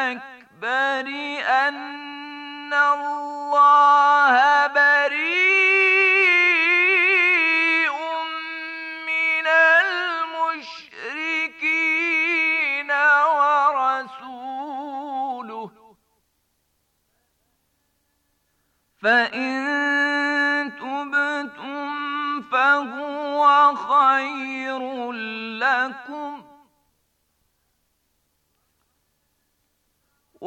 الأكبر أن الله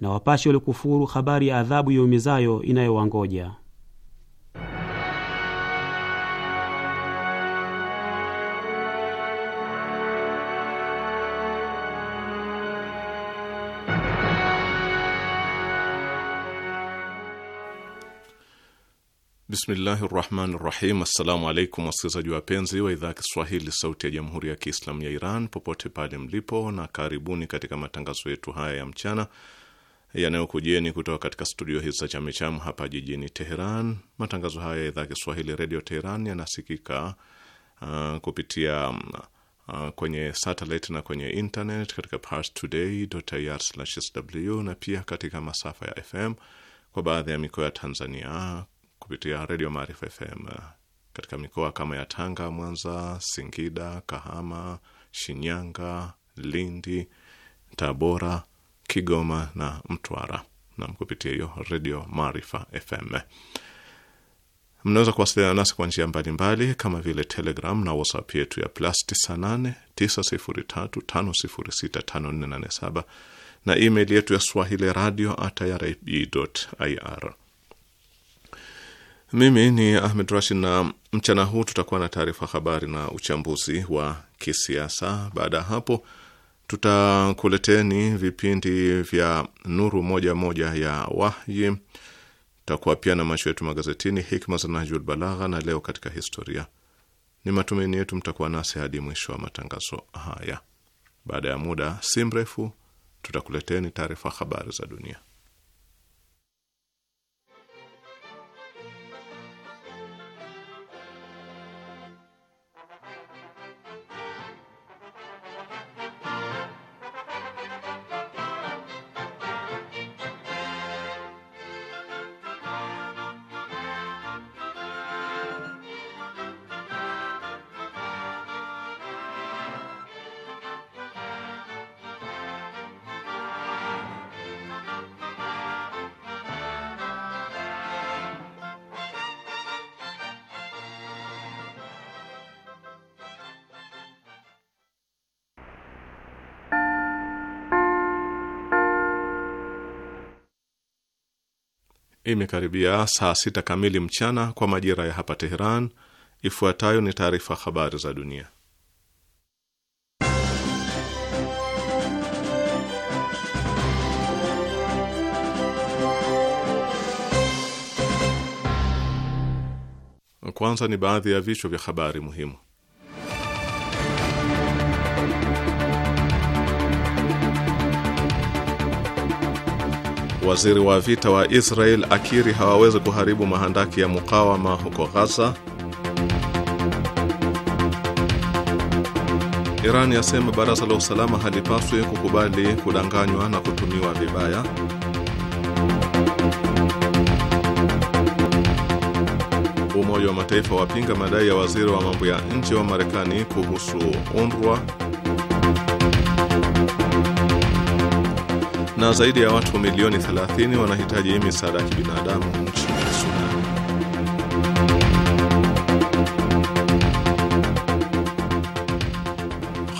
na wapashe walikufuru habari ya adhabu yaumizayo inayowangoja. Bismillahi rahmani rahim. Assalamu alaikum wasikilizaji wapenzi wa idhaa ya Kiswahili sauti ya jamhuri ya Kiislamu ya Iran popote pale mlipo, na karibuni katika matangazo yetu haya ya mchana yanayokujeni kutoka katika studio hizi za Chamichamu hapa jijini Teheran. Matangazo haya ya idhaa ya Kiswahili redio Teheran yanasikika uh, kupitia um, uh, kwenye satellite na kwenye internet katika parstoday.ir/sw na pia katika masafa ya FM kwa baadhi ya mikoa ya Tanzania kupitia redio Maarifa FM uh, katika mikoa kama ya Tanga, Mwanza, Singida, Kahama, Shinyanga, Lindi, Tabora Kigoma na Mtwara na kupitia hiyo redio Maarifa FM. Mnaweza kuwasiliana nasi kwa njia mbalimbali kama vile Telegram na WhatsApp yetu ya plus 98 na email yetu ya swahili radio at irib.ir. Mimi ni Ahmed Rashid, na mchana huu tutakuwa na taarifa habari na uchambuzi wa kisiasa. Baada ya hapo tutakuleteni vipindi vya nuru moja moja ya wahyi, takuwa pia na macho yetu magazetini, hikma za Nahjul Balagha na leo katika historia. Ni matumaini yetu mtakuwa nasi hadi mwisho wa matangazo haya. Baada ya muda si mrefu, tutakuleteni taarifa habari za dunia. Imekaribia saa sita kamili mchana kwa majira ya hapa Teheran. Ifuatayo ni taarifa habari za dunia. Kwanza ni baadhi ya vichwa vya habari muhimu. Waziri wa vita wa Israel akiri hawawezi kuharibu mahandaki ya mukawama huko Gaza. Iran yasema baraza la usalama halipaswi kukubali kudanganywa na kutumiwa vibaya. Umoja wa Mataifa wapinga madai ya waziri wa mambo ya nje wa Marekani kuhusu UNRWA. na zaidi ya watu milioni 30 wanahitaji misaada ya kibinadamu nchini Sudan.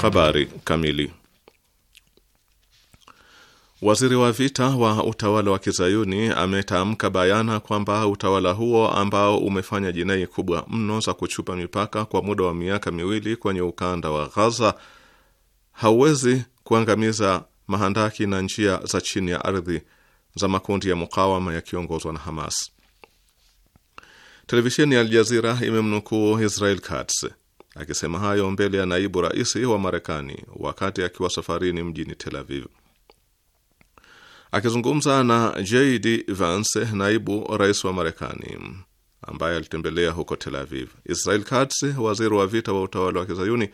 Habari kamili. Waziri wa vita wa utawala wa Kizayuni ametamka bayana kwamba utawala huo ambao umefanya jinai kubwa mno za kuchupa mipaka kwa muda wa miaka miwili kwenye ukanda wa Ghaza hauwezi kuangamiza mahandaki na njia za chini ya ardhi za makundi ya mukawama yakiongozwa na Hamas. Televisheni ya Aljazira imemnukuu Israel Katz akisema hayo mbele ya naibu rais wa Marekani wakati akiwa safarini mjini Tel Aviv. Akizungumza na JD Vance, naibu rais wa Marekani ambaye alitembelea huko Tel Aviv, Israel Katz, waziri wa vita wa utawala wa Kizayuni,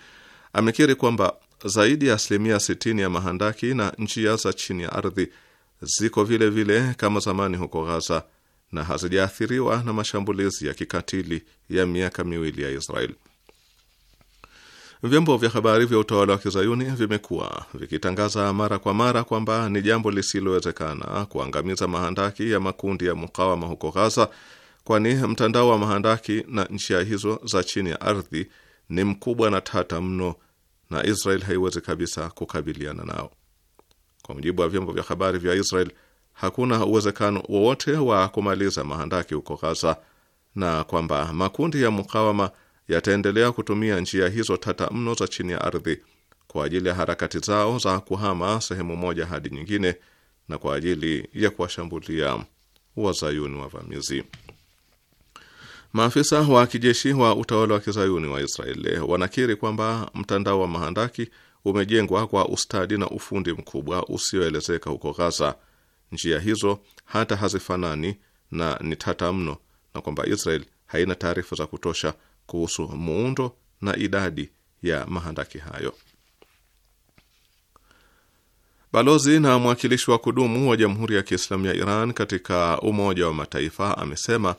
amekiri kwamba zaidi ya asilimia 60 ya mahandaki na njia za chini ya ardhi ziko vile vile kama zamani huko Ghaza na hazijaathiriwa na mashambulizi ya kikatili ya miaka miwili ya israel Vyombo vya habari vya utawala wa kizayuni vimekuwa vikitangaza mara kwa mara kwamba ni jambo lisilowezekana kuangamiza mahandaki ya makundi ya mukawama huko Ghaza, kwani mtandao wa mahandaki na njia hizo za chini ya ardhi ni mkubwa na tata mno na Israel haiwezi kabisa kukabiliana nao. Kwa mujibu wa vyombo vya habari vya Israel, hakuna uwezekano wowote wa kumaliza mahandaki huko Gaza na kwamba makundi ya mukawama yataendelea kutumia njia hizo tata mno za chini ya ardhi kwa ajili ya harakati zao za kuhama sehemu moja hadi nyingine na kwa ajili ya kuwashambulia wazayuni wavamizi. Maafisa wa kijeshi wa utawala wa kizayuni wa Israeli wanakiri kwamba mtandao wa mahandaki umejengwa kwa ustadi na ufundi mkubwa usioelezeka huko Gaza. Njia hizo hata hazifanani na ni tata mno, na kwamba Israel haina taarifa za kutosha kuhusu muundo na idadi ya mahandaki hayo. Balozi na mwakilishi wa kudumu wa Jamhuri ya Kiislamu ya Iran katika Umoja wa Mataifa amesema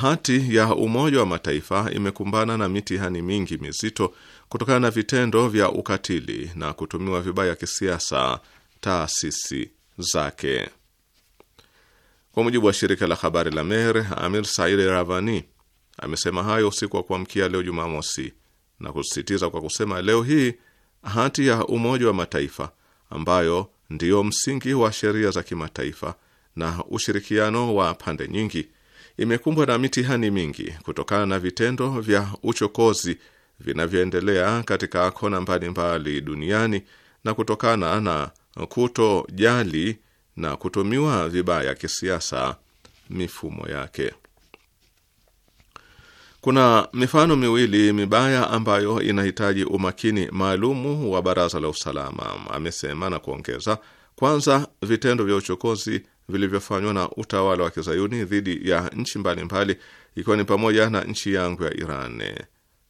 Hati ya Umoja wa Mataifa imekumbana na mitihani mingi mizito kutokana na vitendo vya ukatili na kutumiwa vibaya kisiasa taasisi zake. Kwa mujibu wa shirika la habari la Mer, Amir Said Ravani amesema hayo usiku wa kuamkia leo Jumamosi, na kusisitiza kwa kusema leo hii hati ya Umoja wa Mataifa ambayo ndiyo msingi wa sheria za kimataifa na ushirikiano wa pande nyingi imekumbwa na mitihani mingi kutokana na vitendo vya uchokozi vinavyoendelea katika kona mbalimbali duniani na kutokana na kutojali na kutumiwa vibaya kisiasa mifumo yake. Kuna mifano miwili mibaya ambayo inahitaji umakini maalumu wa Baraza la Usalama, amesema na kuongeza. Kwanza, vitendo vya uchokozi vilivyofanywa na utawala wa kizayuni dhidi ya nchi mbalimbali ikiwa ni pamoja na nchi yangu ya Iran.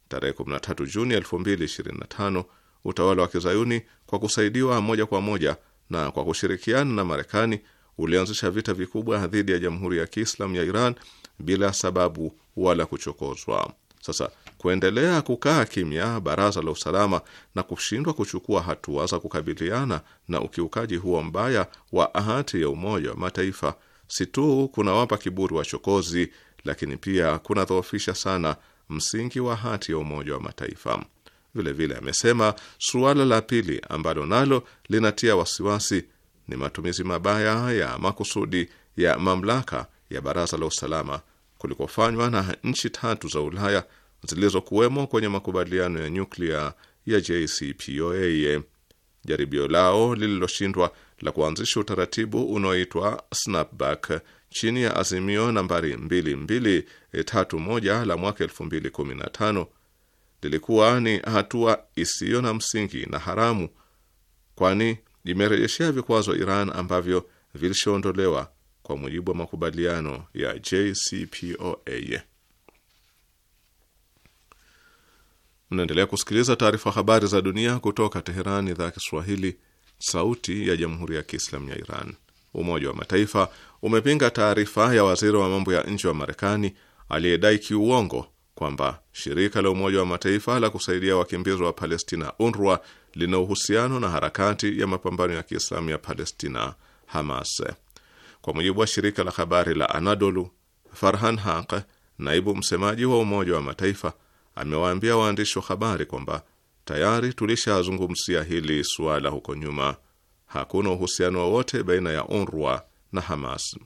Tarehe 13 Juni 2025 utawala wa kizayuni kwa kusaidiwa moja kwa moja na kwa kushirikiana na Marekani ulianzisha vita vikubwa dhidi ya Jamhuri ya Kiislamu ya Iran bila sababu wala kuchokozwa. Sasa Kuendelea kukaa kimya Baraza la Usalama na kushindwa kuchukua hatua za kukabiliana na ukiukaji huo mbaya wa hati ya Umoja wa Mataifa si tu kunawapa kiburi wachokozi, lakini pia kunadhoofisha sana msingi wa hati ya Umoja wa Mataifa. Vilevile vile, amesema suala la pili ambalo nalo linatia wasiwasi ni matumizi mabaya ya makusudi ya mamlaka ya Baraza la Usalama kulikofanywa na nchi tatu za Ulaya zilizokuwemo kwenye makubaliano ya nyuklia ya JCPOA. Jaribio lao lililoshindwa la kuanzisha utaratibu unaoitwa snapback chini ya azimio nambari 2231 la mwaka 2015 lilikuwa ni hatua isiyo na msingi na haramu, kwani imerejeshea vikwazo Iran ambavyo vilishoondolewa kwa mujibu wa makubaliano ya JCPOA. Mnaendelea kusikiliza taarifa habari za dunia kutoka teheran idhaa ya Kiswahili, sauti ya jamhuri ya kiislamu ya Iran. Umoja wa Mataifa umepinga taarifa ya waziri wa mambo ya nje wa Marekani aliyedai kiuongo kwamba shirika la Umoja wa Mataifa la kusaidia wakimbizi wa Palestina, UNRWA, lina uhusiano na harakati ya mapambano ya kiislamu ya Palestina, Hamas. Kwa mujibu wa shirika la habari la Anadolu, Farhan Haq, naibu msemaji wa Umoja wa Mataifa, amewaambia waandishi wa habari kwamba tayari tulishazungumzia hili suala huko nyuma. Hakuna uhusiano wowote baina ya UNRWA na Hamas.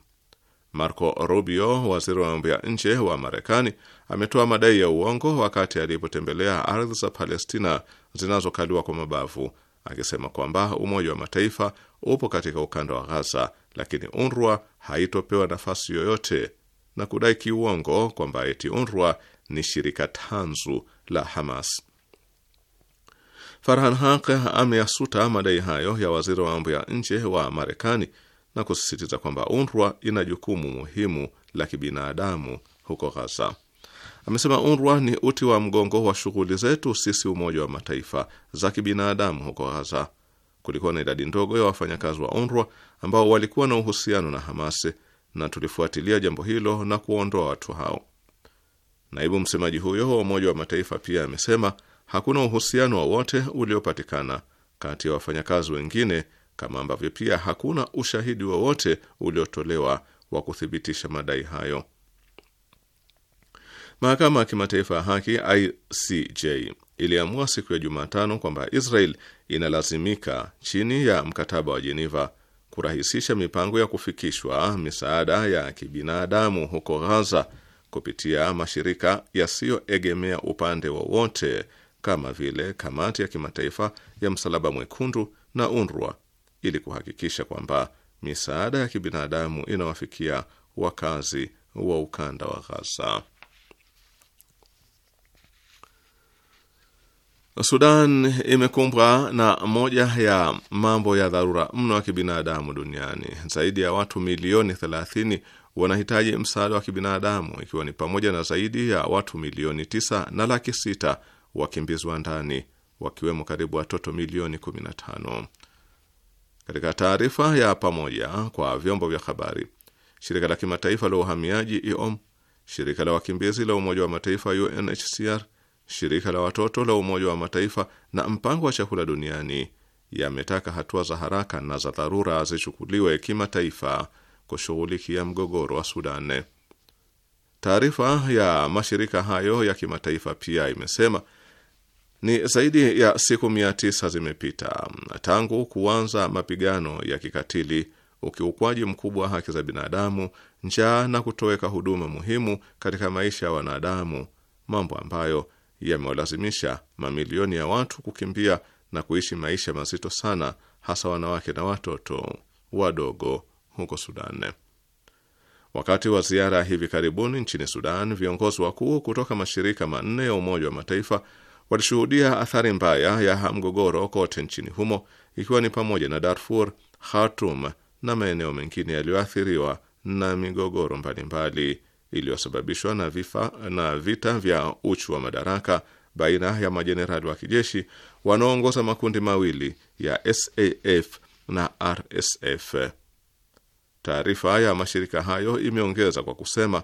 Marco Rubio, waziri wa mambo ya nje wa Marekani, ametoa madai ya uongo wakati alipotembelea ardhi za Palestina zinazokaliwa kwa mabavu, akisema kwamba Umoja wa Mataifa upo katika ukanda wa Ghaza, lakini UNRWA haitopewa nafasi yoyote na kudai kiuongo kwamba eti UNRWA ni shirika tanzu la Hamas. Farhan Haq ameyasuta madai hayo ya waziri wa mambo ya nje wa Marekani na kusisitiza kwamba UNRWA ina jukumu muhimu la kibinadamu huko Ghaza. Amesema UNRWA ni uti wa mgongo wa shughuli zetu sisi Umoja wa Mataifa za kibinadamu huko Ghaza. Kulikuwa na idadi ndogo ya wafanyakazi wa UNRWA ambao walikuwa na uhusiano na Hamas na tulifuatilia jambo hilo na kuondoa watu hao. Naibu msemaji huyo wa Umoja wa Mataifa pia amesema hakuna uhusiano wowote uliopatikana kati ya wafanyakazi wengine, kama ambavyo pia hakuna ushahidi wowote uliotolewa wa kuthibitisha madai hayo. Mahakama ya Kimataifa ya Haki ICJ iliamua siku ya Jumatano kwamba Israel inalazimika chini ya mkataba wa Geneva kurahisisha mipango ya kufikishwa misaada ya kibinadamu huko Gaza kupitia mashirika yasiyoegemea upande wowote kama vile Kamati ya Kimataifa ya Msalaba Mwekundu na UNRWA ili kuhakikisha kwamba misaada ya kibinadamu inawafikia wakazi wa ukanda wa Ghaza. Sudan imekumbwa na moja ya mambo ya dharura mno ya kibinadamu duniani. Zaidi ya watu milioni 30 wanahitaji msaada wa kibinadamu ikiwa ni pamoja na zaidi ya watu milioni tisa na laki sita wakimbizwa ndani wakiwemo karibu watoto milioni 15. Katika taarifa ya pamoja kwa vyombo vya habari, shirika la kimataifa la uhamiaji IOM, shirika la wakimbizi la Umoja wa Mataifa UNHCR, shirika la watoto la Umoja wa Mataifa na mpango wa chakula duniani yametaka hatua za haraka na za dharura zichukuliwe kimataifa kushughulikia mgogoro wa Sudan. Taarifa ya mashirika hayo ya kimataifa pia imesema ni zaidi ya siku mia tisa zimepita tangu kuanza mapigano ya kikatili, ukiukwaji mkubwa wa haki za binadamu, njaa na kutoweka huduma muhimu katika maisha ya wanadamu, mambo ambayo yamewalazimisha mamilioni ya watu kukimbia na kuishi maisha mazito sana, hasa wanawake na watoto wadogo huko Sudan. Wakati wa ziara hivi karibuni nchini Sudan, viongozi wakuu kutoka mashirika manne ya Umoja wa Mataifa walishuhudia athari mbaya ya mgogoro kote nchini humo, ikiwa ni pamoja na Darfur, Khartoum na maeneo mengine yaliyoathiriwa na migogoro mbalimbali iliyosababishwa na vifa na vita vya uchu wa madaraka baina ya majenerali wa kijeshi wanaoongoza makundi mawili ya SAF na RSF. Taarifa ya mashirika hayo imeongeza kwa kusema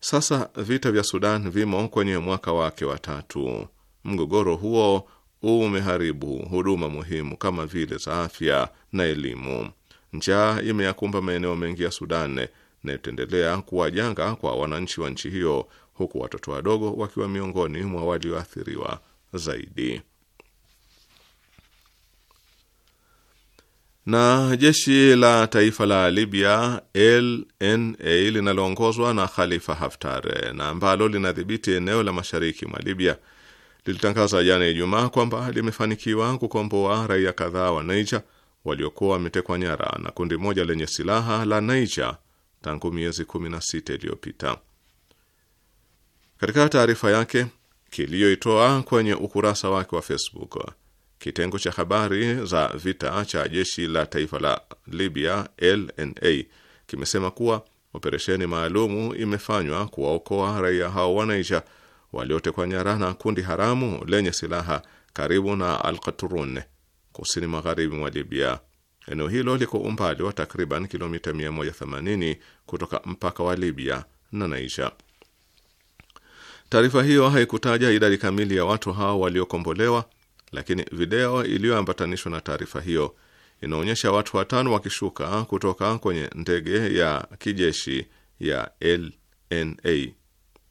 sasa vita vya Sudan vimo kwenye mwaka wake wa tatu. Mgogoro huo umeharibu huduma muhimu kama vile za afya na elimu. Njaa imeyakumba maeneo mengi ya Sudan na itaendelea kuwa janga kwa wananchi wa nchi hiyo, huku watoto wadogo wakiwa miongoni mwa walioathiriwa zaidi. Na jeshi la taifa la Libya LNA linaloongozwa na Khalifa Haftar na ambalo linadhibiti eneo la mashariki mwa Libya lilitangaza jana Ijumaa kwamba limefanikiwa kukomboa raia kadhaa wa Niger waliokuwa wametekwa nyara na kundi moja lenye silaha la Niger tangu miezi 16 iliyopita. Katika taarifa yake kiliyoitoa kwenye ukurasa wake wa Facebook Kitengo cha habari za vita cha jeshi la taifa la Libya LNA kimesema kuwa operesheni maalumu imefanywa kuwaokoa raia hao wa Niger waliotekwa nyara na kundi haramu lenye silaha karibu na al kusini magharibi mwa Libya. Eneo hilo liko umbali wa takriban kilomita 180 kutoka mpaka wa Libya na Niger. Taarifa hiyo haikutaja idadi kamili ya watu hao waliokombolewa lakini video iliyoambatanishwa na taarifa hiyo inaonyesha watu watano wakishuka kutoka kwenye ndege ya kijeshi ya LNA.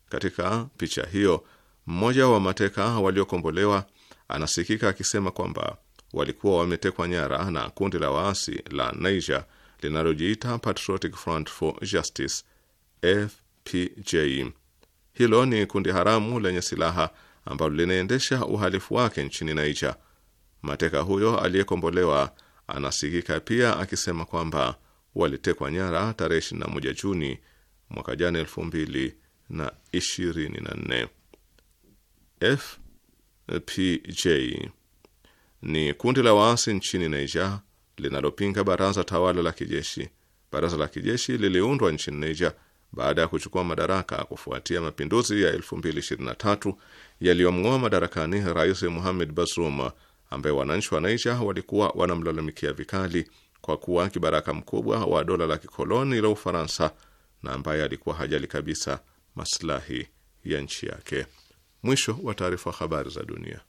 Katika picha hiyo, mmoja wa mateka waliokombolewa anasikika akisema kwamba walikuwa wametekwa nyara na kundi la waasi la Niger linalojiita Patriotic Front for Justice FPJ. Hilo ni kundi haramu lenye silaha ambalo linaendesha uhalifu wake nchini Niger. Mateka huyo aliyekombolewa anasikika pia akisema kwamba walitekwa nyara tarehe 21 Juni mwaka jana elfu mbili na ishirini na nne. FPJ ni kundi la waasi nchini Niger linalopinga baraza tawala la kijeshi. Baraza la kijeshi liliundwa nchini Niger baada ya kuchukua madaraka kufuatia mapinduzi ya 2023 yaliyomng'oa madarakani Rais Mohamed Bazoum ambaye wananchi wa Niger walikuwa wanamlalamikia vikali kwa kuwa kibaraka mkubwa wa dola la kikoloni la Ufaransa na ambaye alikuwa hajali kabisa maslahi ya nchi yake. Mwisho wa taarifa. Habari za dunia.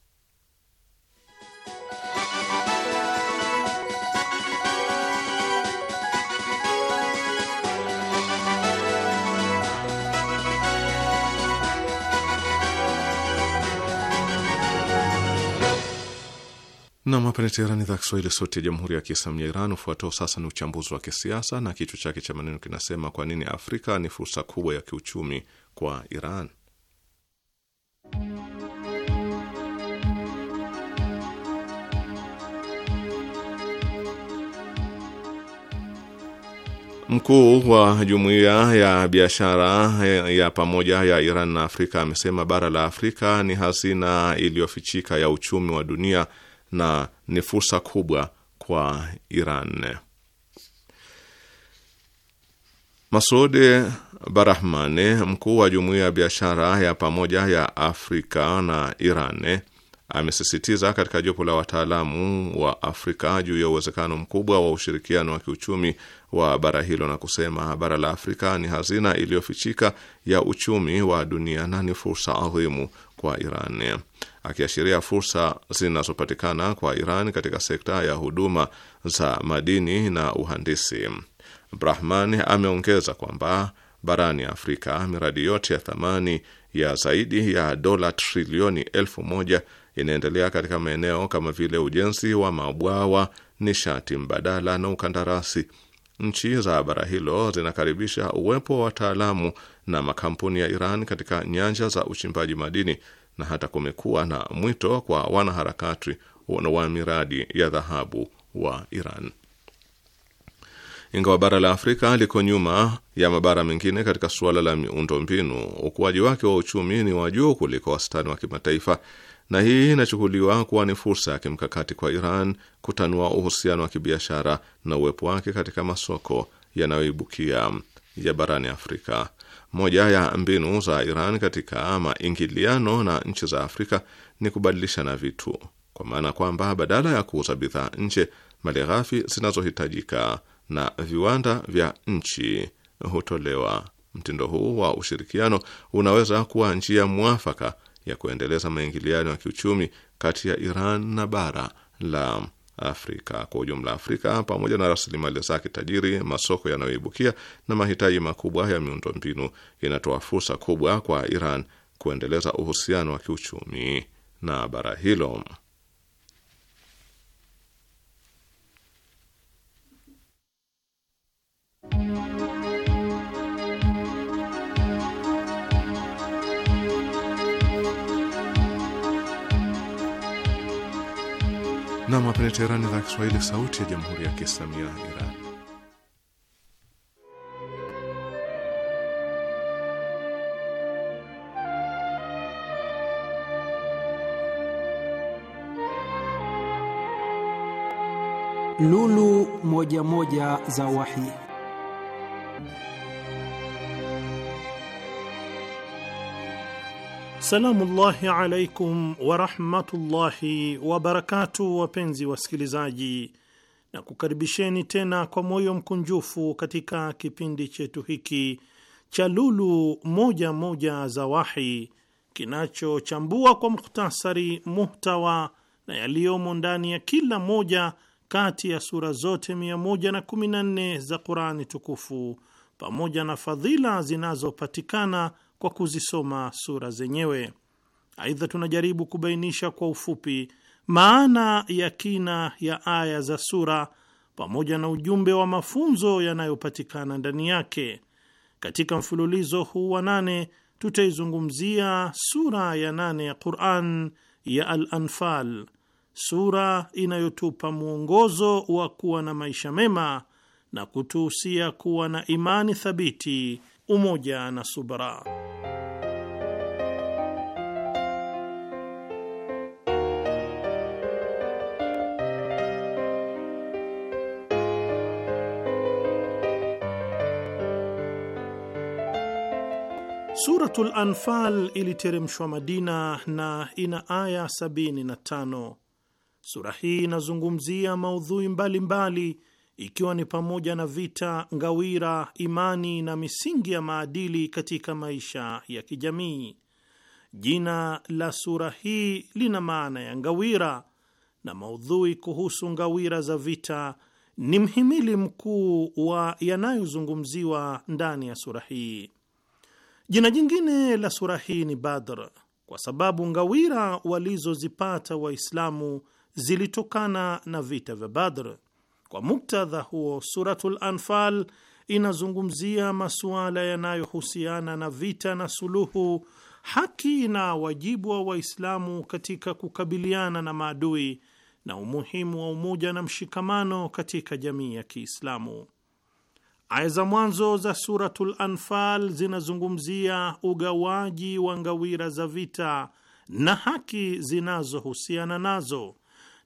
Nam, hapa ni Teherani, idhaa Kiswahili, sauti ya jamhuri ya kiislamu ya Iran. Ufuatao sasa ni uchambuzi wa kisiasa na kichwa chake cha maneno kinasema: kwa nini Afrika ni fursa kubwa ya kiuchumi kwa Iran? Mkuu wa jumuiya ya biashara ya pamoja ya Iran na Afrika amesema bara la Afrika ni hazina iliyofichika ya uchumi wa dunia na ni fursa kubwa kwa Iran. Masud barahman mkuu wa jumuiya ya biashara ya pamoja ya Afrika na Iran, amesisitiza katika jopo la wataalamu wa Afrika juu ya uwezekano mkubwa wa ushirikiano wa kiuchumi wa bara hilo na kusema bara la Afrika ni hazina iliyofichika ya uchumi wa dunia na ni fursa adhimu kwa Iran, akiashiria fursa zinazopatikana kwa Iran katika sekta ya huduma za madini na uhandisi. Brahman ameongeza kwamba barani Afrika miradi yote ya thamani ya zaidi ya dola trilioni elfu moja inaendelea katika maeneo kama vile ujenzi wa mabwawa, nishati mbadala na ukandarasi. Nchi za bara hilo zinakaribisha uwepo wa wataalamu na makampuni ya Iran katika nyanja za uchimbaji madini na hata kumekuwa na mwito kwa wanaharakati wa miradi ya dhahabu wa Iran. Ingawa bara la Afrika liko nyuma ya mabara mengine katika suala la miundombinu, ukuaji wake wa uchumi ni wa juu kuliko wastani wa kimataifa, na hii inachukuliwa kuwa ni fursa ya kimkakati kwa Iran kutanua uhusiano wa kibiashara na uwepo wake katika masoko yanayoibukia ya barani Afrika. Moja ya mbinu za Iran katika maingiliano na nchi za Afrika ni kubadilishana vitu, kwa maana kwamba badala ya kuuza bidhaa nje, malighafi zinazohitajika na viwanda vya nchi hutolewa. Mtindo huu wa ushirikiano unaweza kuwa njia mwafaka ya kuendeleza maingiliano ya kiuchumi kati ya Iran na bara la Afrika kwa ujumla. Afrika pamoja na rasilimali zake tajiri, masoko yanayoibukia na mahitaji makubwa ya miundombinu, inatoa fursa kubwa kwa Iran kuendeleza uhusiano wa kiuchumi na bara hilo. Nam hapene Teherani, idhaa ya Kiswahili, sauti ya jamhuri ya kiislamu ya Iran. Lulu moja moja za Wahi. Salamullahi alaikum warahmatullahi wabarakatu, wapenzi wasikilizaji, na kukaribisheni tena kwa moyo mkunjufu katika kipindi chetu hiki cha Lulu Moja Moja za Wahi kinachochambua kwa mukhtasari muhtawa na yaliyomo ndani ya kila moja kati ya sura zote 114 za Qurani tukufu pamoja na fadhila zinazopatikana kwa kuzisoma sura zenyewe. Aidha, tunajaribu kubainisha kwa ufupi maana ya kina ya aya za sura pamoja na ujumbe wa mafunzo yanayopatikana ndani yake. Katika mfululizo huu wa nane tutaizungumzia sura ya nane ya Quran ya Al-Anfal, sura inayotupa mwongozo wa kuwa na maisha mema na kutuhusia kuwa na imani thabiti, umoja na subra. Suratul Anfal iliteremshwa Madina na ina aya 75. Sura hii inazungumzia maudhui mbalimbali mbali, ikiwa ni pamoja na vita, ngawira, imani na misingi ya maadili katika maisha ya kijamii. Jina la sura hii lina maana ya ngawira na maudhui kuhusu ngawira za vita ni mhimili mkuu wa yanayozungumziwa ndani ya sura hii. Jina jingine la sura hii ni Badr kwa sababu ngawira walizozipata Waislamu zilitokana na vita vya Badr. Kwa muktadha huo, Suratul Anfal inazungumzia masuala yanayohusiana na vita na suluhu, haki na wajibu wa Waislamu katika kukabiliana na maadui na umuhimu wa umoja na mshikamano katika jamii ya Kiislamu. Aya za mwanzo za Suratul Anfal zinazungumzia ugawaji wa ngawira za vita na haki zinazohusiana nazo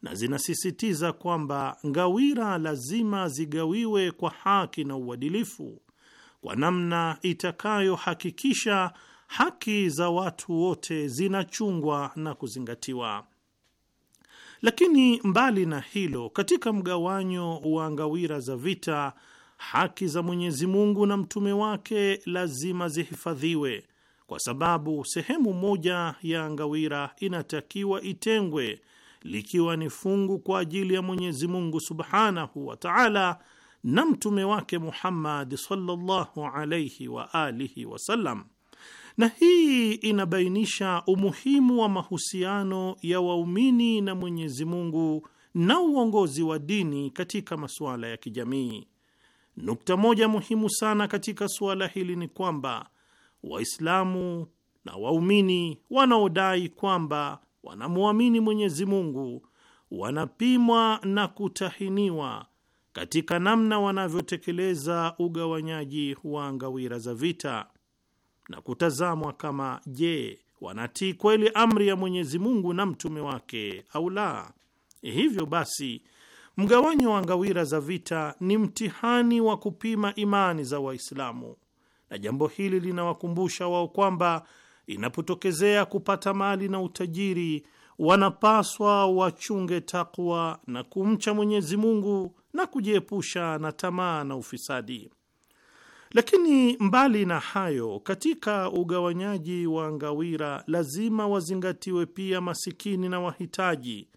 na zinasisitiza kwamba ngawira lazima zigawiwe kwa haki na uadilifu kwa namna itakayohakikisha haki za watu wote zinachungwa na kuzingatiwa. Lakini mbali na hilo, katika mgawanyo wa ngawira za vita haki za Mwenyezi Mungu na mtume wake lazima zihifadhiwe, kwa sababu sehemu moja ya ngawira inatakiwa itengwe likiwa ni fungu kwa ajili ya Mwenyezi Mungu Subhanahu wa Ta'ala na mtume wake Muhammad sallallahu alayhi wa alihi wasallam. Na hii inabainisha umuhimu wa mahusiano ya waumini na Mwenyezi Mungu na uongozi wa dini katika masuala ya kijamii. Nukta moja muhimu sana katika suala hili ni kwamba Waislamu na waumini wanaodai kwamba wanamwamini Mwenyezi Mungu wanapimwa na kutahiniwa katika namna wanavyotekeleza ugawanyaji wa ngawira za vita na kutazamwa kama, je, wanatii kweli amri ya Mwenyezi Mungu na mtume wake au la? Hivyo basi Mgawanyo wa ngawira za vita ni mtihani wa kupima imani za Waislamu, na jambo hili linawakumbusha wao kwamba inapotokezea kupata mali na utajiri, wanapaswa wachunge takwa na kumcha Mwenyezi Mungu na kujiepusha na tamaa na ufisadi. Lakini mbali na hayo, katika ugawanyaji wa ngawira lazima wazingatiwe pia masikini na wahitaji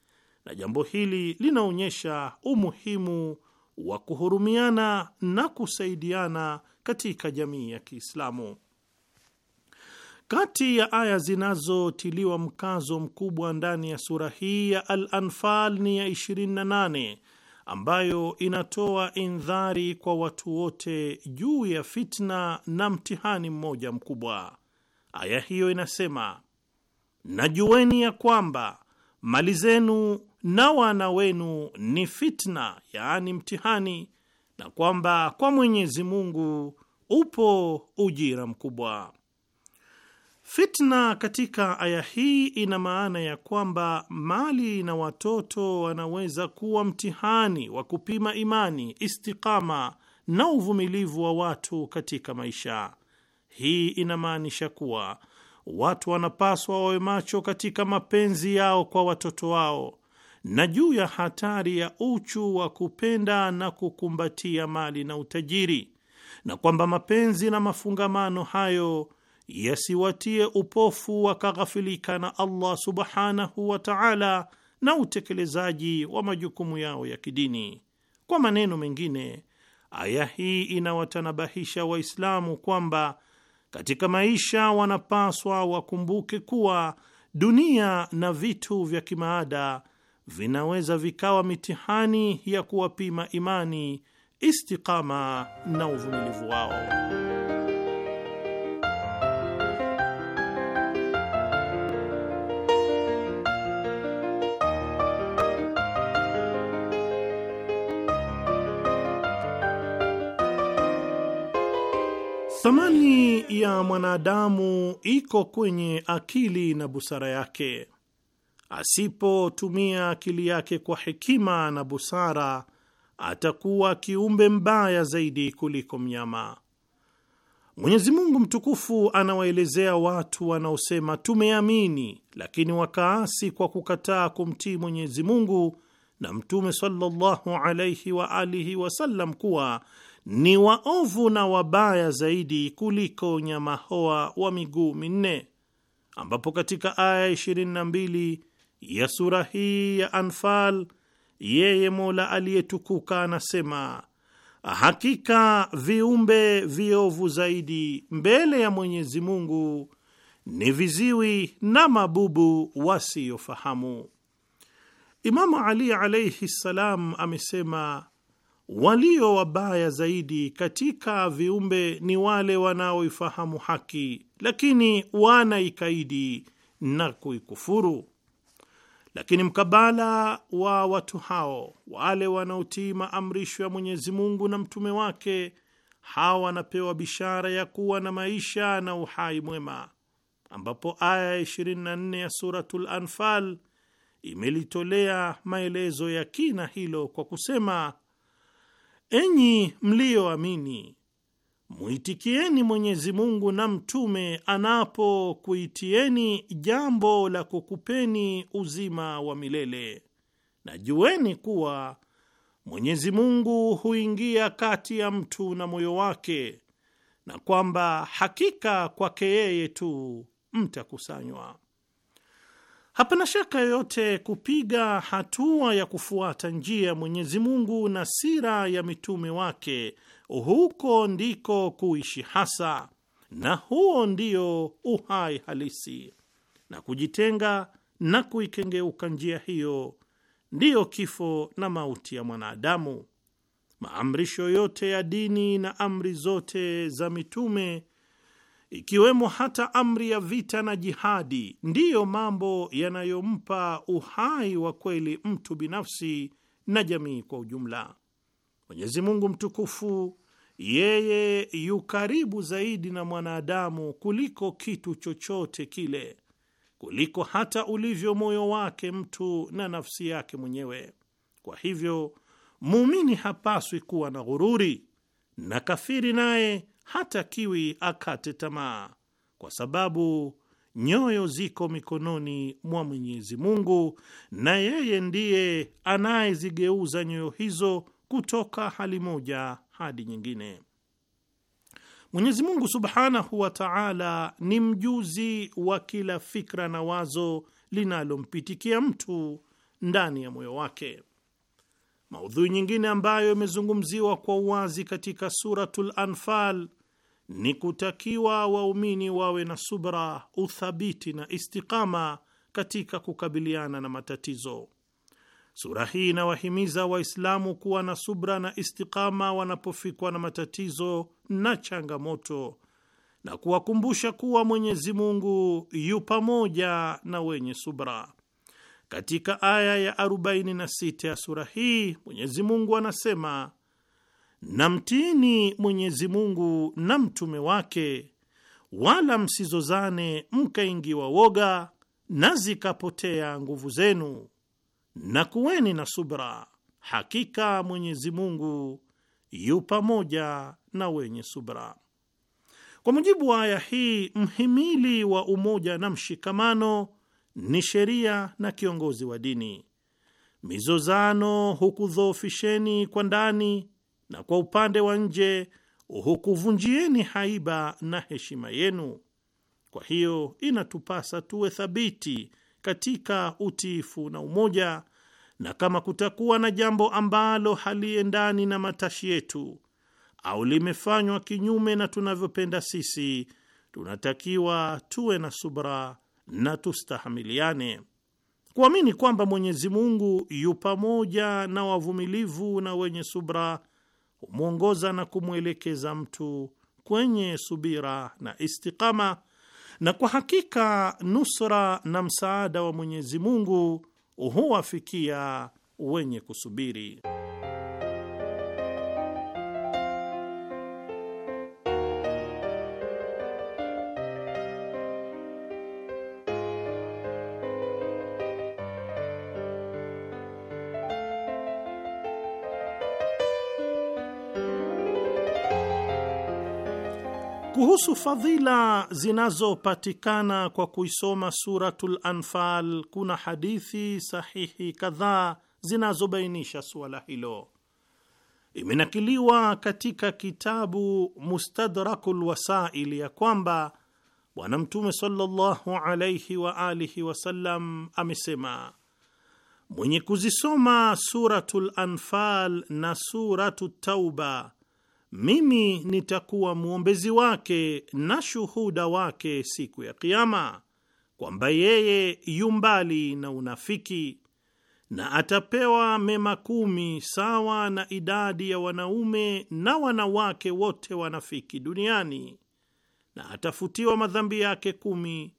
na jambo hili linaonyesha umuhimu wa kuhurumiana na kusaidiana katika jamii ya Kiislamu. Kati ya aya zinazotiliwa mkazo mkubwa ndani ya sura hii ya Al-Anfal ni ya 28 ambayo inatoa indhari kwa watu wote juu ya fitna na mtihani mmoja mkubwa. Aya hiyo inasema, najueni ya kwamba mali zenu na wana wenu ni fitna, yaani mtihani, na kwamba kwa Mwenyezi Mungu upo ujira mkubwa. Fitna katika aya hii ina maana ya kwamba mali na watoto wanaweza kuwa mtihani wa kupima imani, istikama na uvumilivu wa watu katika maisha. Hii inamaanisha kuwa watu wanapaswa wawe macho katika mapenzi yao kwa watoto wao na juu ya hatari ya uchu wa kupenda na kukumbatia mali na utajiri, na kwamba mapenzi na mafungamano hayo yasiwatie upofu wakaghafilika na Allah subhanahu wa ta'ala na utekelezaji wa majukumu yao ya kidini. Kwa maneno mengine, aya hii inawatanabahisha Waislamu kwamba katika maisha wanapaswa wakumbuke kuwa dunia na vitu vya kimaada vinaweza vikawa mitihani ya kuwapima imani, istikama na uvumilivu wao. Thamani ya mwanadamu iko kwenye akili na busara yake asipotumia akili yake kwa hekima na busara, atakuwa kiumbe mbaya zaidi kuliko mnyama. Mwenyezi Mungu mtukufu anawaelezea watu wanaosema tumeamini, lakini wakaasi kwa kukataa kumtii Mwenyezi Mungu na Mtume sallallahu alaihi wa alihi wasallam kuwa ni waovu na wabaya zaidi kuliko nyama hoa wa miguu minne, ambapo katika aya 22 ya sura hii ya Anfal, yeye Mola aliyetukuka anasema, hakika viumbe viovu zaidi mbele ya Mwenyezi Mungu ni viziwi na mabubu wasiyofahamu. Imamu Ali alaihi ssalam amesema walio wabaya zaidi katika viumbe ni wale wanaoifahamu haki, lakini wanaikaidi na kuikufuru. Lakini mkabala wa watu hao, wale wanaotii maamrisho ya Mwenyezi Mungu na mtume wake, hawa wanapewa bishara ya kuwa na maisha na uhai mwema, ambapo aya ya 24 ya Suratul Anfal imelitolea maelezo ya kina hilo kwa kusema: enyi mliyoamini Mwitikieni Mwenyezi Mungu na mtume anapokuitieni jambo la kukupeni uzima wa milele, na jueni kuwa Mwenyezi Mungu huingia kati ya mtu na moyo wake, na kwamba hakika kwake yeye tu mtakusanywa. Hapana shaka yoyote kupiga hatua ya kufuata njia ya Mwenyezi Mungu na sira ya mitume wake huko ndiko kuishi hasa, na huo ndio uhai halisi, na kujitenga na kuikengeuka njia hiyo ndiyo kifo na mauti ya mwanadamu. Maamrisho yote ya dini na amri zote za mitume ikiwemo hata amri ya vita na jihadi ndiyo mambo yanayompa uhai wa kweli mtu binafsi na jamii kwa ujumla. Mwenyezi Mungu mtukufu yeye yu karibu zaidi na mwanadamu kuliko kitu chochote kile, kuliko hata ulivyo moyo wake mtu na nafsi yake mwenyewe. Kwa hivyo muumini hapaswi kuwa na ghururi, na kafiri naye hatakiwi akate tamaa, kwa sababu nyoyo ziko mikononi mwa Mwenyezi Mungu, na yeye ndiye anayezigeuza nyoyo hizo kutoka hali moja hadi nyingine. Mwenyezi Mungu subhanahu wa taala ni mjuzi wa kila fikra na wazo linalompitikia mtu ndani ya moyo wake. Maudhui nyingine ambayo imezungumziwa kwa uwazi katika Suratul Anfal ni kutakiwa waumini wawe na subra, uthabiti na istiqama katika kukabiliana na matatizo. Sura hii inawahimiza Waislamu kuwa na subra na istikama wanapofikwa na matatizo na changamoto na kuwakumbusha kuwa Mwenyezi Mungu yu pamoja na wenye subra. Katika aya ya 46 ya sura hii Mwenyezi Mungu anasema, na mtini Mwenyezi Mungu na mtume wake, wala msizozane mkaingiwa woga na zikapotea nguvu zenu na kuweni na subra, hakika Mwenyezi Mungu yu pamoja na wenye subra. Kwa mujibu wa aya hii, mhimili wa umoja na mshikamano ni sheria na kiongozi wa dini. Mizozano hukudhoofisheni kwa ndani na kwa upande wa nje hukuvunjieni haiba na heshima yenu. Kwa hiyo inatupasa tuwe thabiti katika utiifu na umoja, na kama kutakuwa na jambo ambalo haliendani na matashi yetu au limefanywa kinyume na tunavyopenda sisi, tunatakiwa tuwe na subra na tustahamiliane, kuamini kwamba Mwenyezi Mungu yu pamoja na wavumilivu na wenye subra, humwongoza na kumwelekeza mtu kwenye subira na istikama na kwa hakika nusra na msaada wa Mwenyezi Mungu huwafikia wenye kusubiri. Kuhusu fadhila zinazopatikana kwa kuisoma Suratul Anfal, kuna hadithi sahihi kadhaa zinazobainisha suala hilo. Imenakiliwa katika kitabu Mustadrakul Wasaili ya kwamba Bwana Mtume sallallahu wa alihi wasallam amesema, mwenye kuzisoma Suratul Anfal na Suratu Tauba mimi nitakuwa mwombezi wake na shuhuda wake siku ya Kiama, kwamba yeye yumbali na unafiki na atapewa mema kumi sawa na idadi ya wanaume na wanawake wote wanafiki duniani, na atafutiwa madhambi yake kumi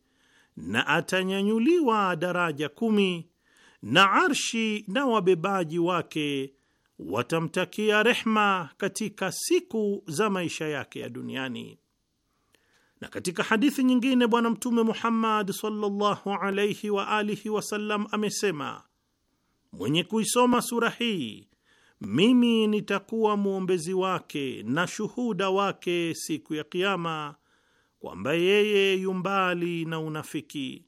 na atanyanyuliwa daraja kumi na arshi na wabebaji wake watamtakia rehma katika siku za maisha yake ya duniani. Na katika hadithi nyingine Bwana Mtume Muhammad sallallahu alayhi wa alihi wasallam amesema, mwenye kuisoma sura hii mimi nitakuwa mwombezi wake na shuhuda wake siku ya Kiama kwamba yeye yumbali na unafiki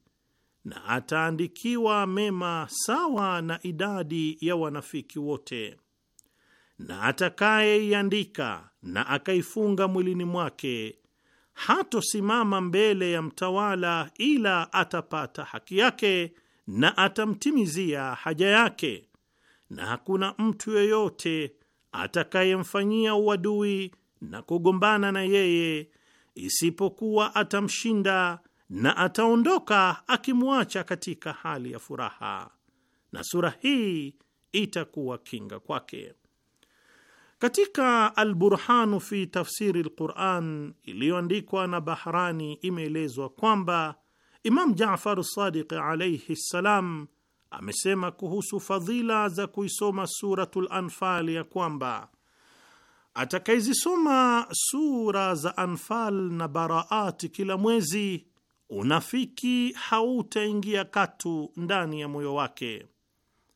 na ataandikiwa mema sawa na idadi ya wanafiki wote na atakayeiandika na akaifunga mwilini mwake hatosimama mbele ya mtawala ila atapata haki yake na atamtimizia haja yake, na hakuna mtu yeyote atakayemfanyia uadui na kugombana na yeye isipokuwa atamshinda na ataondoka akimwacha katika hali ya furaha, na sura hii itakuwa kinga kwake. Katika Alburhanu fi tafsiri lquran iliyoandikwa na Bahrani imeelezwa kwamba Imam Jafar Sadiq alaihi ssalam amesema kuhusu fadhila za kuisoma Suratu Lanfal ya kwamba atakayezisoma sura za Anfal na Baraati kila mwezi, unafiki hautaingia katu ndani ya moyo wake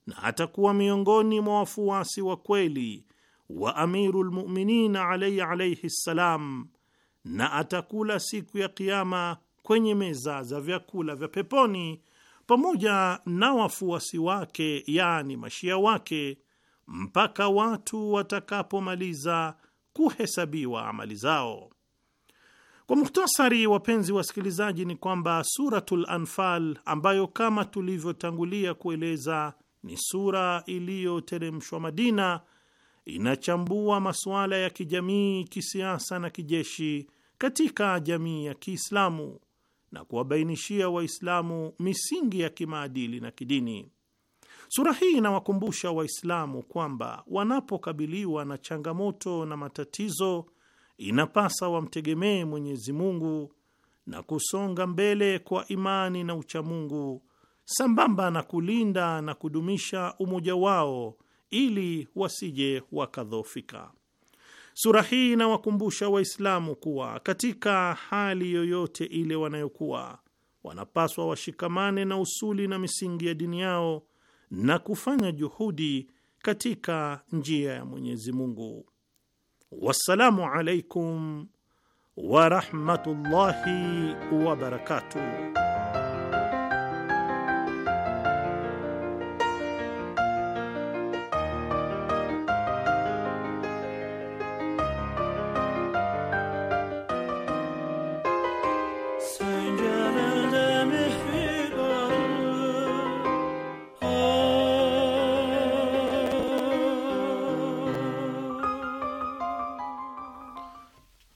na atakuwa miongoni mwa wafuasi wa kweli wa Amiru lmuminin Ali alaihi ssalam, na atakula siku ya Kiama kwenye meza za vyakula vya peponi pamoja na wafuasi wake, yani mashia wake, mpaka watu watakapomaliza kuhesabiwa amali zao. Kwa muhtasari, wapenzi wasikilizaji, ni kwamba Suratul Anfal ambayo kama tulivyotangulia kueleza ni sura iliyoteremshwa Madina inachambua masuala ya kijamii, kisiasa na kijeshi katika jamii ya Kiislamu na kuwabainishia Waislamu misingi ya kimaadili na kidini. Sura hii inawakumbusha Waislamu kwamba wanapokabiliwa na changamoto na matatizo, inapasa wamtegemee Mwenyezi Mungu na kusonga mbele kwa imani na uchamungu, sambamba na kulinda na kudumisha umoja wao ili wasije wakadhofika. Sura hii inawakumbusha Waislamu kuwa katika hali yoyote ile wanayokuwa, wanapaswa washikamane na usuli na misingi ya dini yao na kufanya juhudi katika njia ya Mwenyezi Mungu. Wassalamu alaikum warahmatullahi wabarakatuh.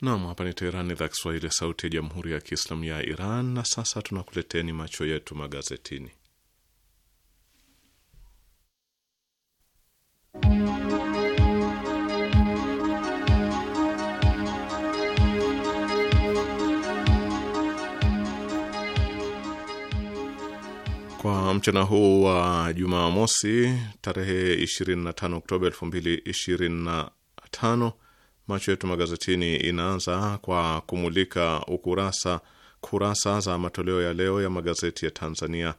Nam, hapa ni Teherani, idhaa Kiswahili ya sauti ya jamhuri ya kiislamu ya Iran. Na sasa tunakuleteni macho yetu magazetini. Kwa mchana huu wa Jumamosi tarehe 25 Oktoba 2025 macho yetu magazetini inaanza kwa kumulika ukurasa kurasa za matoleo ya leo ya magazeti ya Tanzania,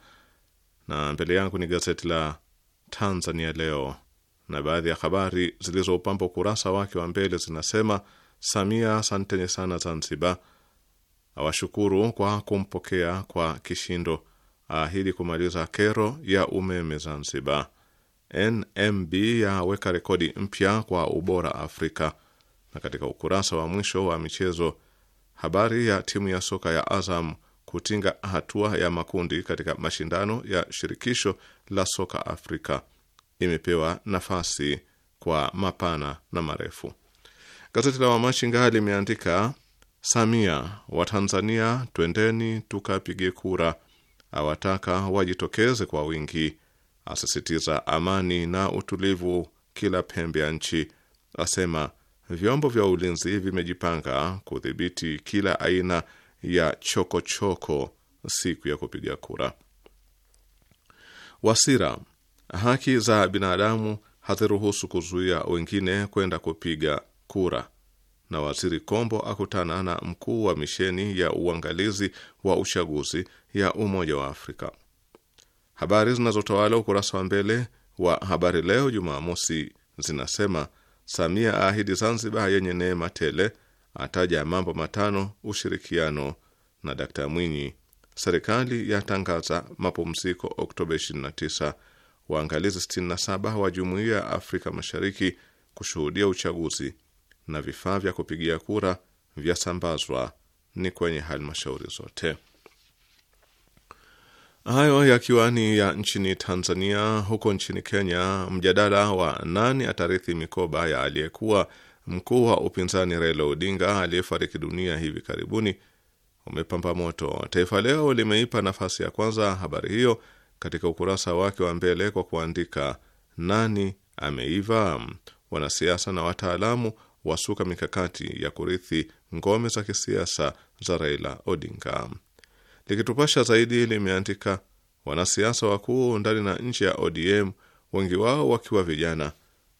na mbele yangu ni gazeti la Tanzania Leo, na baadhi ya habari zilizoupamba ukurasa wake wa mbele zinasema: Samia asanteni sana Zanzibar, awashukuru kwa kumpokea kwa kishindo, aahidi kumaliza kero ya umeme Zanzibar, NMB yaweka rekodi mpya kwa ubora Afrika na katika ukurasa wa mwisho wa michezo, habari ya timu ya soka ya Azam kutinga hatua ya makundi katika mashindano ya shirikisho la soka Afrika imepewa nafasi kwa mapana na marefu. Gazeti la Wamachinga limeandika Samia, Watanzania twendeni tukapige kura, awataka wajitokeze kwa wingi, asisitiza amani na utulivu kila pembe ya nchi, asema vyombo vya ulinzi vimejipanga kudhibiti kila aina ya chokochoko choko siku ya kupiga kura. Wasira, haki za binadamu haziruhusu kuzuia wengine kwenda kupiga kura. Na Waziri Kombo akutana na mkuu wa misheni ya uangalizi wa uchaguzi ya Umoja wa Afrika. Habari zinazotawala ukurasa wa mbele wa Habari Leo Jumamosi zinasema Samia aahidi Zanzibar yenye neema tele, ataja mambo matano ushirikiano na Dkt Mwinyi. Serikali yatangaza mapumziko Oktoba 29. Waangalizi 67 wa Jumuiya ya Afrika Mashariki kushuhudia uchaguzi na vifaa vya kupigia kura vyasambazwa ni kwenye halmashauri zote. Hayo yakiwa ni ya nchini Tanzania. Huko nchini Kenya, mjadala wa nani atarithi mikoba ya aliyekuwa mkuu wa upinzani Raila Odinga aliyefariki dunia hivi karibuni umepamba moto. Taifa Leo limeipa nafasi ya kwanza habari hiyo katika ukurasa wake wa mbele kwa kuandika nani ameiva. Wanasiasa na wataalamu wasuka mikakati ya kurithi ngome za kisiasa za Raila Odinga. Likitupasha zaidi limeandika wanasiasa wakuu ndani na nje ya ODM, wengi wao wakiwa vijana,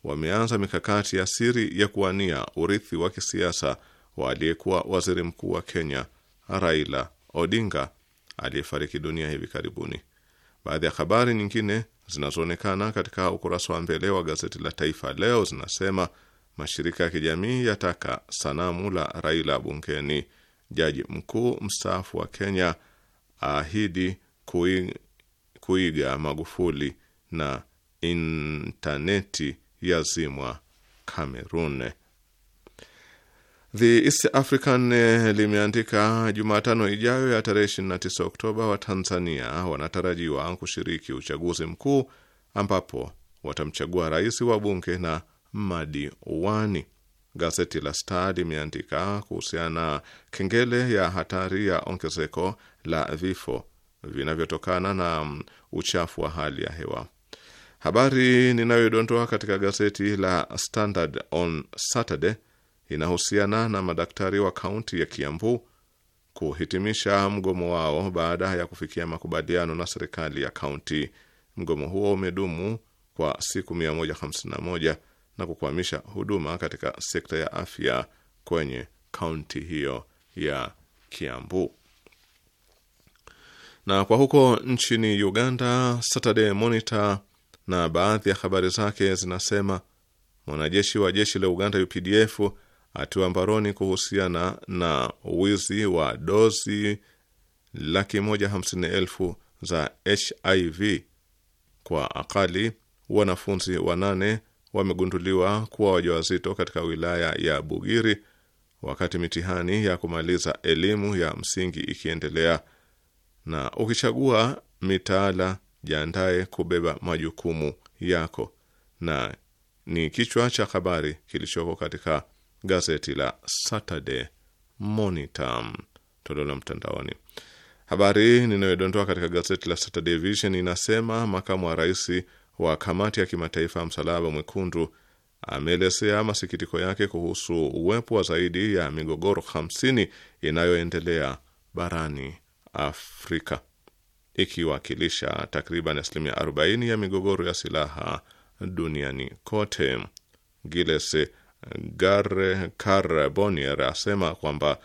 wameanza mikakati ya siri ya kuwania urithi wa kisiasa wa aliyekuwa waziri mkuu wa Kenya Raila Odinga aliyefariki dunia hivi karibuni. Baadhi ya habari nyingine zinazoonekana katika ukurasa wa mbele wa gazeti la Taifa Leo zinasema mashirika ya kijamii yataka sanamu la Raila bungeni, jaji mkuu mstaafu wa Kenya aahidi kuiga Magufuli na intaneti yazimwa Kamerun. The East African eh, limeandika Jumatano ijayo ya tarehe 29 Oktoba, wa Tanzania wanatarajiwa kushiriki uchaguzi mkuu ambapo watamchagua rais wa bunge na madiwani. Gazeti la Star limeandika kuhusiana kengele ya hatari ya ongezeko la vifo vinavyotokana na mm, uchafu wa hali ya hewa. Habari ninayodondoa katika gazeti la Standard on Saturday inahusiana na madaktari wa kaunti ya Kiambu kuhitimisha mgomo wao baada ya kufikia makubaliano na serikali ya kaunti. Mgomo huo umedumu kwa siku 151 na kukwamisha huduma katika sekta ya afya kwenye kaunti hiyo ya Kiambu. Na kwa huko nchini Uganda, Saturday Monitor na baadhi ya habari zake zinasema mwanajeshi wa jeshi la Uganda UPDF atiwa mbaroni kuhusiana na wizi wa dozi laki moja hamsini elfu za HIV. Kwa akali wanafunzi wanane wamegunduliwa kuwa wajawazito katika wilaya ya Bugiri wakati mitihani ya kumaliza elimu ya msingi ikiendelea na ukichagua mitaala, jiandaye kubeba majukumu yako, na ni kichwa cha habari kilichoko katika gazeti la Saturday Monitor toleo la mtandaoni. Habari ninayodondoa katika gazeti la Saturday Vision inasema makamu wa rais wa kamati ya kimataifa ya msalaba mwekundu ameelezea masikitiko yake kuhusu uwepo wa zaidi ya migogoro 50 inayoendelea barani Afrika, ikiwakilisha takriban asilimia 40 ya migogoro ya silaha duniani kote. Giles Gare Carbonier asema kwamba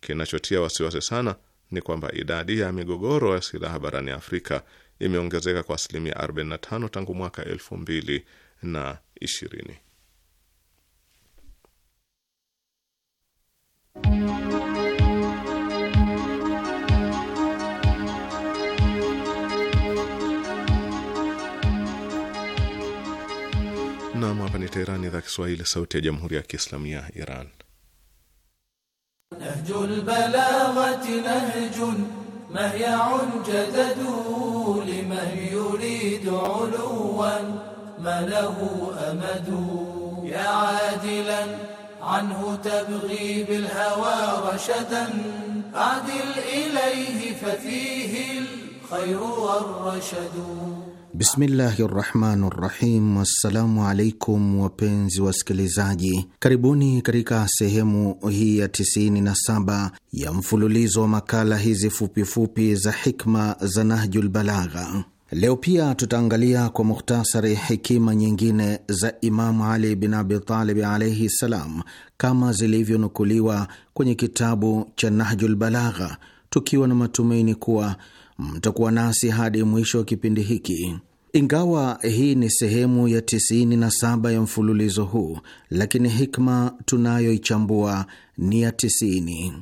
kinachotia wasiwasi sana ni kwamba idadi ya migogoro ya silaha barani Afrika imeongezeka kwa asilimia 45 tangu mwaka 2020. Salaam. Hapa ni Teherani, idhaa Kiswahili, sauti ya jamhuri ya kiislamu ya Iran. Adil ilayhi fafihi alkhayru warrashadu Bismillahi rahmani rahim. Assalamu alaikum wapenzi wasikilizaji, karibuni katika sehemu hii ya 97 ya mfululizo wa makala hizi fupifupi za hikma za Nahjul Balagha. Leo pia tutaangalia kwa mukhtasari hekima nyingine za Imamu Ali bin Abitalib alaihi ssalam, kama zilivyonukuliwa kwenye kitabu cha Nahjul Balagha, tukiwa na matumaini kuwa mtakuwa nasi hadi mwisho wa kipindi hiki. Ingawa hii ni sehemu ya 97 ya mfululizo huu, lakini hikma tunayoichambua ni ya 90.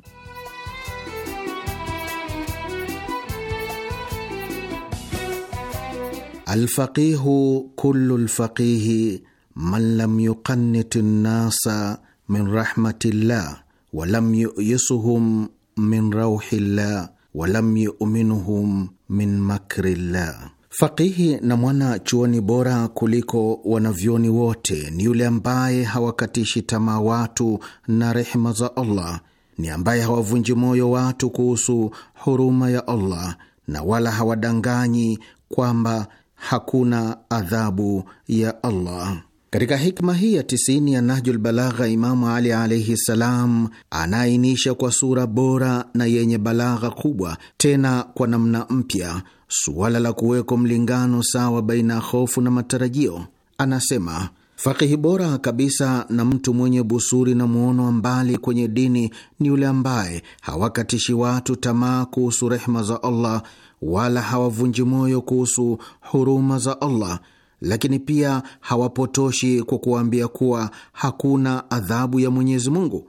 Alfaqihu kullu lfaqihi man lam yuqannit nnasa min rahmati llah walam yuyisuhum min rauhi llah walam yuminuhum min makrillah Fakihi na mwana chuoni bora kuliko wanavyoni wote ni yule ambaye hawakatishi tamaa watu na rehma za Allah, ni ambaye hawavunji moyo watu kuhusu huruma ya Allah na wala hawadanganyi kwamba hakuna adhabu ya Allah. Katika hikma hii ya tisini ya Nahjul Balagha, Imamu Ali alaihi ssalam anaainisha kwa sura bora na yenye balagha kubwa, tena kwa namna mpya suala la kuweko mlingano sawa baina ya hofu na matarajio. Anasema fakihi bora kabisa na mtu mwenye busuri na mwono wa mbali kwenye dini ni yule ambaye hawakatishi watu tamaa kuhusu rehma za Allah wala hawavunji moyo kuhusu huruma za Allah, lakini pia hawapotoshi kwa kuwaambia kuwa hakuna adhabu ya Mwenyezi Mungu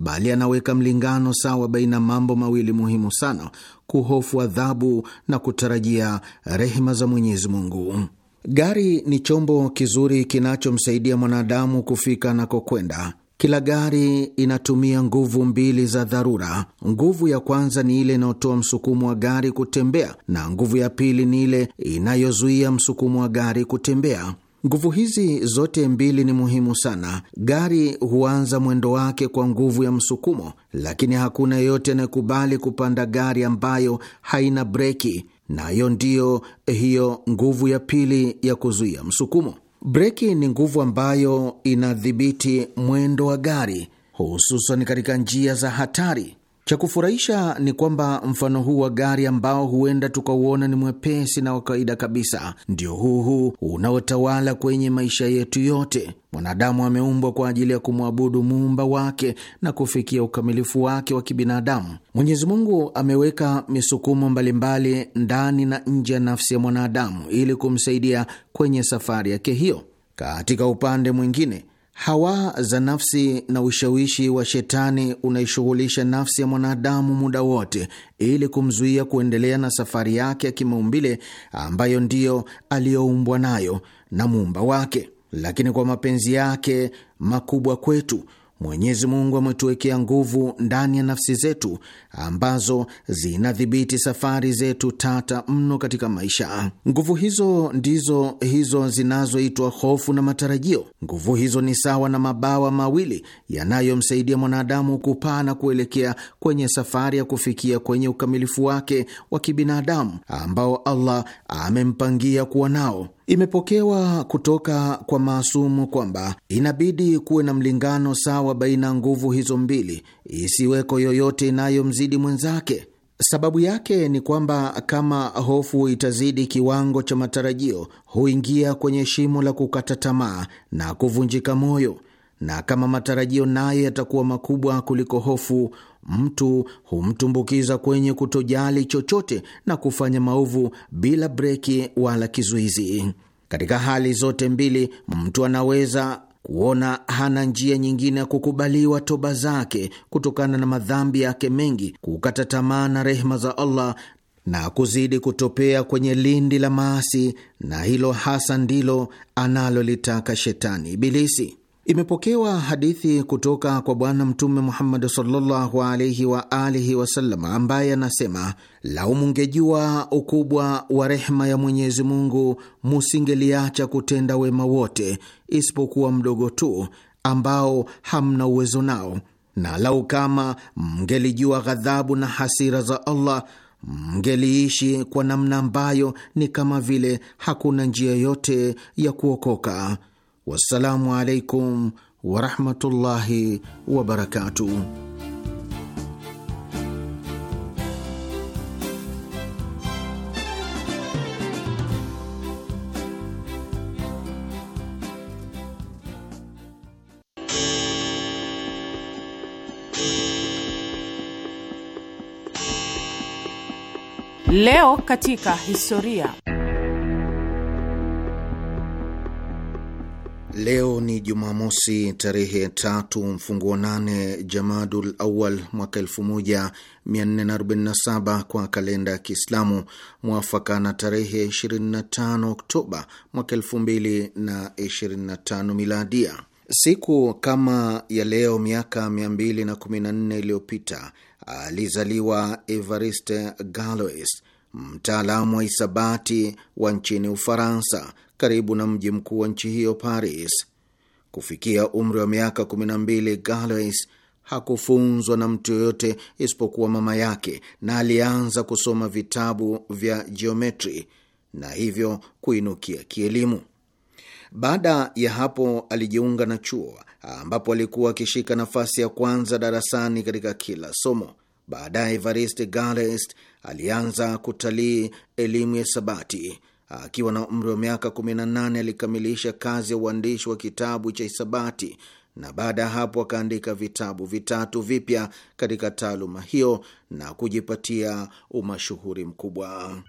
bali anaweka mlingano sawa baina mambo mawili muhimu sana: kuhofu adhabu na kutarajia rehema za Mwenyezi Mungu. Gari ni chombo kizuri kinachomsaidia mwanadamu kufika anakokwenda. Kila gari inatumia nguvu mbili za dharura. Nguvu ya kwanza ni ile inayotoa msukumo wa gari kutembea, na nguvu ya pili ni ile inayozuia msukumo wa gari kutembea. Nguvu hizi zote mbili ni muhimu sana. Gari huanza mwendo wake kwa nguvu ya msukumo, lakini hakuna yeyote anayekubali kupanda gari ambayo haina breki, nayo ndiyo hiyo nguvu ya pili ya kuzuia msukumo. Breki ni nguvu ambayo inadhibiti mwendo wa gari, hususan katika njia za hatari. Cha kufurahisha ni kwamba mfano huu wa gari ambao huenda tukauona ni mwepesi na wa kawaida kabisa, ndio huu huu unaotawala kwenye maisha yetu yote. Mwanadamu ameumbwa kwa ajili ya kumwabudu muumba wake na kufikia ukamilifu wake wa kibinadamu. Mwenyezi Mungu ameweka misukumo mbalimbali ndani na nje ya nafsi ya mwanadamu ili kumsaidia kwenye safari yake hiyo. Katika upande mwingine Hawa za nafsi na ushawishi wa shetani unaishughulisha nafsi ya mwanadamu muda wote ili kumzuia kuendelea na safari yake ya kimaumbile ambayo ndiyo aliyoumbwa nayo na muumba wake. Lakini kwa mapenzi yake makubwa kwetu, Mwenyezi Mungu ametuwekea nguvu ndani ya nafsi zetu ambazo zinadhibiti safari zetu tata mno katika maisha. Nguvu hizo ndizo hizo zinazoitwa hofu na matarajio. Nguvu hizo ni sawa na mabawa mawili yanayomsaidia mwanadamu kupaa na kuelekea kwenye safari ya kufikia kwenye ukamilifu wake wa kibinadamu ambao Allah amempangia kuwa nao. Imepokewa kutoka kwa maasumu kwamba inabidi kuwe na mlingano sawa baina ya nguvu hizo mbili, isiweko yoyote inayom kumzidi mwenzake. Sababu yake ni kwamba kama hofu itazidi kiwango cha matarajio, huingia kwenye shimo la kukata tamaa na kuvunjika moyo, na kama matarajio naye yatakuwa makubwa kuliko hofu, mtu humtumbukiza kwenye kutojali chochote na kufanya maovu bila breki wala kizuizi. Katika hali zote mbili, mtu anaweza kuona hana njia nyingine ya kukubaliwa toba zake kutokana na madhambi yake mengi, kukata tamaa na rehema za Allah na kuzidi kutopea kwenye lindi la maasi, na hilo hasa ndilo analolitaka shetani Ibilisi. Imepokewa hadithi kutoka kwa Bwana Mtume Muhammad sallallahu alaihi wa alihi wasallam, ambaye anasema lau mungejua ukubwa wa rehma ya Mwenyezi Mungu musingeliacha kutenda wema wote isipokuwa mdogo tu ambao hamna uwezo nao, na lau kama mngelijua ghadhabu na hasira za Allah mngeliishi kwa namna ambayo ni kama vile hakuna njia yote ya kuokoka. Wassalamu alaikum warahmatullahi wabarakatuh. Leo katika historia Leo ni Jumamosi tarehe tatu mfunguo nane Jamadul Awal mwaka 1447 kwa kalenda ya Kiislamu, mwafaka na tarehe 25 Oktoba mwaka 2025 miladia. Siku kama ya leo miaka 214 iliyopita alizaliwa Evariste Galois, mtaalamu wa hisabati wa nchini Ufaransa karibu na mji mkuu wa nchi hiyo Paris. Kufikia umri wa miaka 12, Galois hakufunzwa na mtu yoyote isipokuwa mama yake, na alianza kusoma vitabu vya jiometri na hivyo kuinukia kielimu. Baada ya hapo alijiunga na chuo ambapo alikuwa akishika nafasi ya kwanza darasani katika kila somo. Baadaye Evariste Galois alianza kutalii elimu ya sabati Akiwa na umri wa miaka 18 alikamilisha kazi ya uandishi wa kitabu cha hisabati na baada ya hapo akaandika vitabu vitatu vipya katika taaluma hiyo na kujipatia umashuhuri mkubwa.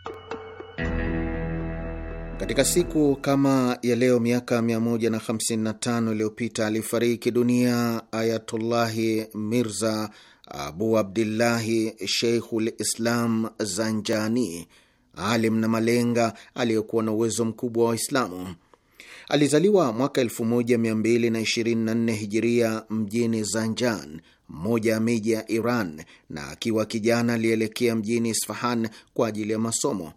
Katika siku kama ya leo miaka 155 iliyopita alifariki dunia Ayatullahi Mirza Abu Abdillahi Sheikhul Islam Zanjani, alim na malenga aliyekuwa na uwezo mkubwa wa Waislamu. Alizaliwa mwaka 1224 hijiria mjini Zanjan, mmoja ya miji ya Iran, na akiwa kijana alielekea mjini Isfahan kwa ajili ya masomo.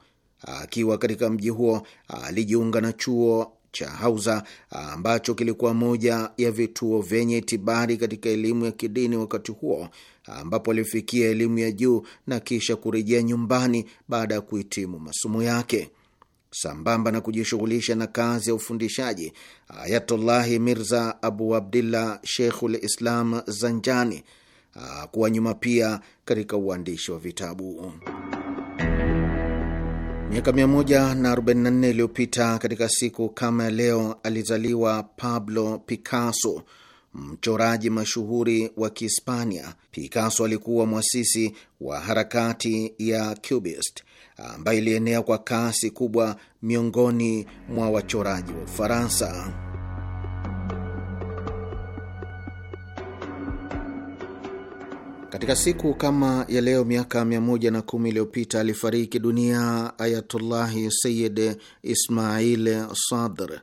Akiwa katika mji huo alijiunga na chuo cha Hauza ambacho kilikuwa moja ya vituo vyenye itibari katika elimu ya kidini wakati huo, ambapo alifikia elimu ya juu na kisha kurejea nyumbani baada ya kuhitimu masomo yake. Sambamba na kujishughulisha na kazi ya ufundishaji, Ayatullahi Mirza Abu Abdillah Sheikhul Islam Zanjani kuwa nyuma pia katika uandishi wa vitabu. Miaka 144 iliyopita katika siku kama ya leo alizaliwa Pablo Picasso, mchoraji mashuhuri wa Kihispania, Picasso alikuwa mwasisi wa harakati ya Cubist ambayo ilienea kwa kasi kubwa miongoni mwa wachoraji wa Ufaransa. Katika siku kama ya leo miaka 110 iliyopita alifariki dunia Ayatullahi Sayid Ismail Sadr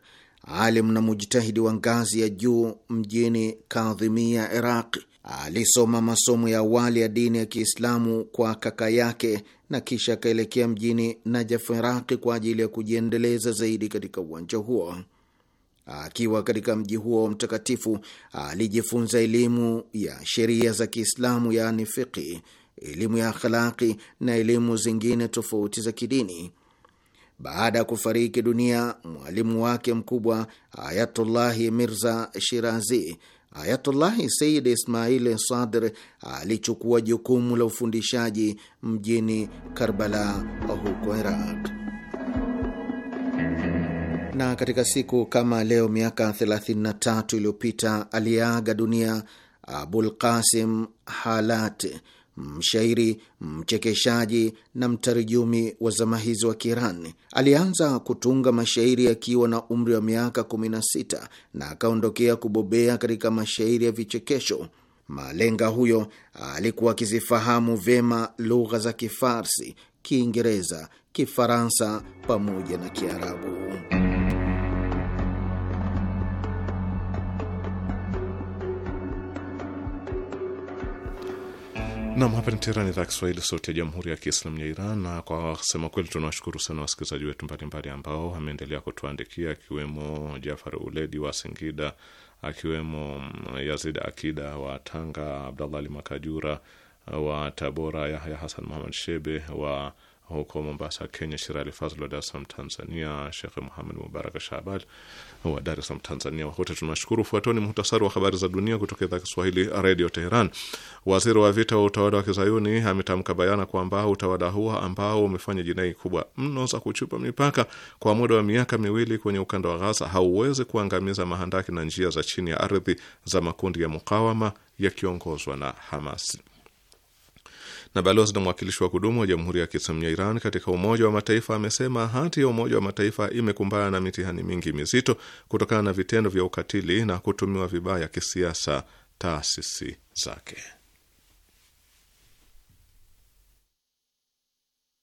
alim na mujtahidi wa ngazi ya juu mjini Kadhimia, Iraq. Alisoma masomo ya awali ya dini ya Kiislamu kwa kaka yake na kisha akaelekea mjini Najaf, Iraqi, kwa ajili ya kujiendeleza zaidi katika uwanja huo. Akiwa katika mji huo mtakatifu, alijifunza elimu ya sheria za Kiislamu, yaani fiqhi, elimu ya akhlaqi na elimu zingine tofauti za kidini. Baada ya kufariki dunia mwalimu wake mkubwa Ayatullahi Mirza Shirazi, Ayatullahi Sayid Ismail Sadr alichukua jukumu la ufundishaji mjini Karbala huko Iraq na katika siku kama leo miaka 33 iliyopita aliyeaga dunia Abul Qasim Halati, mshairi, mchekeshaji na mtarijumi wa zama hizi wa Kiirani. Alianza kutunga mashairi akiwa na umri wa miaka 16 na akaondokea kubobea katika mashairi ya vichekesho. Malenga huyo alikuwa akizifahamu vyema lugha za Kifarsi, Kiingereza, Kifaransa pamoja na Kiarabu. Nam, hapa ni Teherani, idhaa Kiswahili, sauti ya jamhuri ya kiislamu ya Iran. Na kwa sema kweli, tunawashukuru sana wasikilizaji wetu mbalimbali ambao wameendelea kutuandikia, akiwemo Jafar Uledi wa Singida, akiwemo Yazid Akida wa Tanga, Abdallah Ali Makajura wa Tabora, Yahya Hasan Muhamad Shebe wa huko Mombasa, Kenya, Shirali Fazl wa Dar es Salaam Tanzania, Shekh Muhamed Mubarak Shabal wa Dar es Salaam Tanzania. Wote tunashukuru. Fuatoni muhtasari wa habari za dunia kutoka idhaa Kiswahili Redio Teheran. Waziri wa vita wa utawala wa kizayuni ametamka bayana kwamba utawala huo ambao umefanya jinai kubwa mno za kuchupa mipaka kwa muda wa miaka miwili kwenye ukanda wa Ghaza hauwezi kuangamiza mahandaki na njia za chini ya ardhi za makundi ya mukawama yakiongozwa na Hamas. Na balozi na mwakilishi wa kudumu wa Jamhuri ya Kiislamu ya Iran katika Umoja wa Mataifa amesema hati ya Umoja wa Mataifa imekumbana na mitihani mingi mizito kutokana na vitendo vya ukatili na kutumiwa vibaya kisiasa taasisi zake.